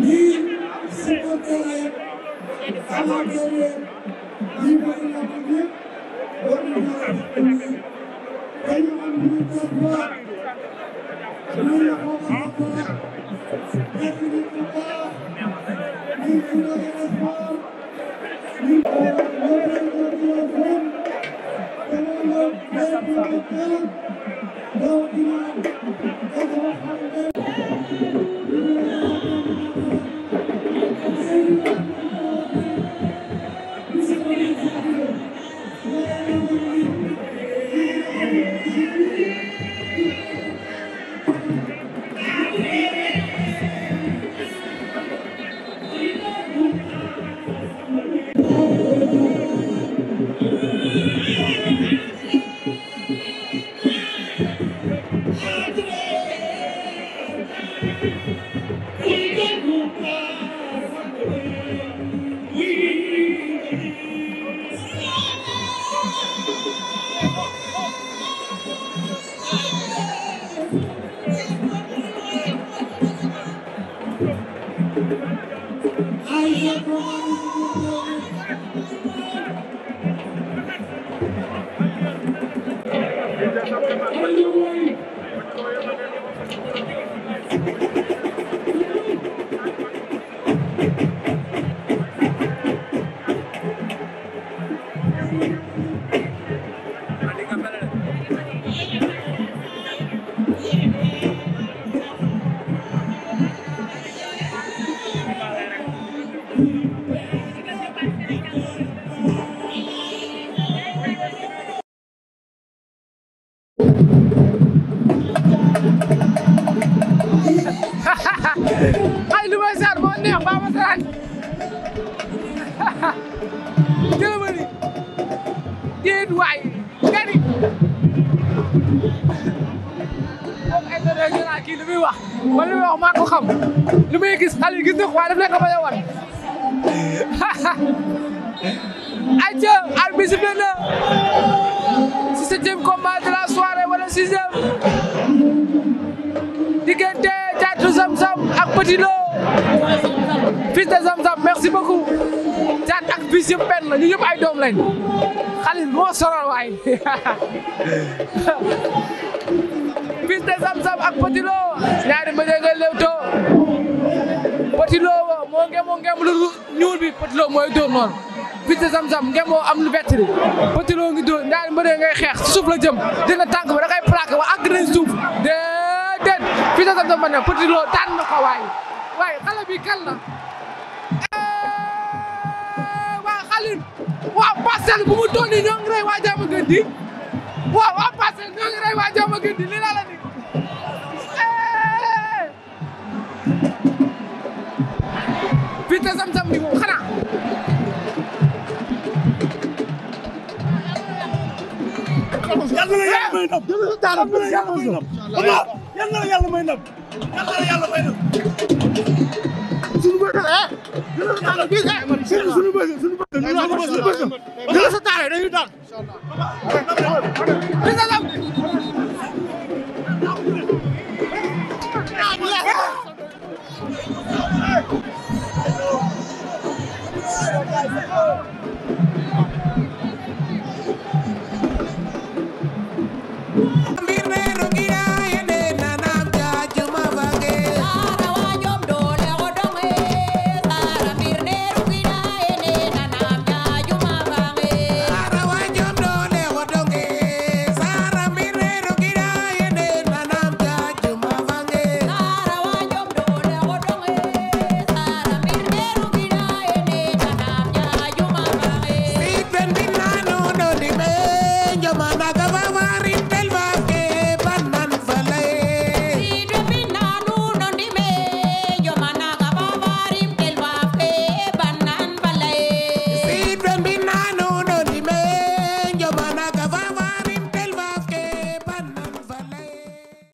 lii supporter yeeg amateur yeeg lii bëri na ko ñëpp war nañoo def dañu am ñu ko Thank you. déet waay gari moom international kii li muy wax man li wax maa xam li muy gis xale yi gis na ko waaye daf leen ko bañ a wan aca arbitre bi na si septième combat de la soirée wala sixième diggante Caatu Sam Sam ak Petit Lo xaalis yëpp benn la ay doom lañ xaalis moo sonal waay fils de Zamzam ak Petit Lo ñaari mbëjee nga lewtoo Petit Lo moo ngeem moo ñuul bi Petit Lo mooy dóor noonu fils de Zamzam ngeem moo am lu bett li Petit Lo ngi dóor ñaari xeex ci suuf la jëm dina tànk ba da ngay plaqué ba àgg nañ suuf déedéet fils de Zamzam ma ne Petit Lo tànn na ko waay waaye xale bi kan Alioune waaw parcelle bu mu toll nii ñoo ngi rey waa jàmm gën di waaw waaw parcelle ñoo ngi rey waa jàmm gën di li la la ni fii te sam-sam bi moom xanaa yàlla na yàlla may ndam yàlla na yàlla may ndam yàlla may ndam suñu bëgg suñu bëgg dëgg sa taale dañuy daal. incha allah.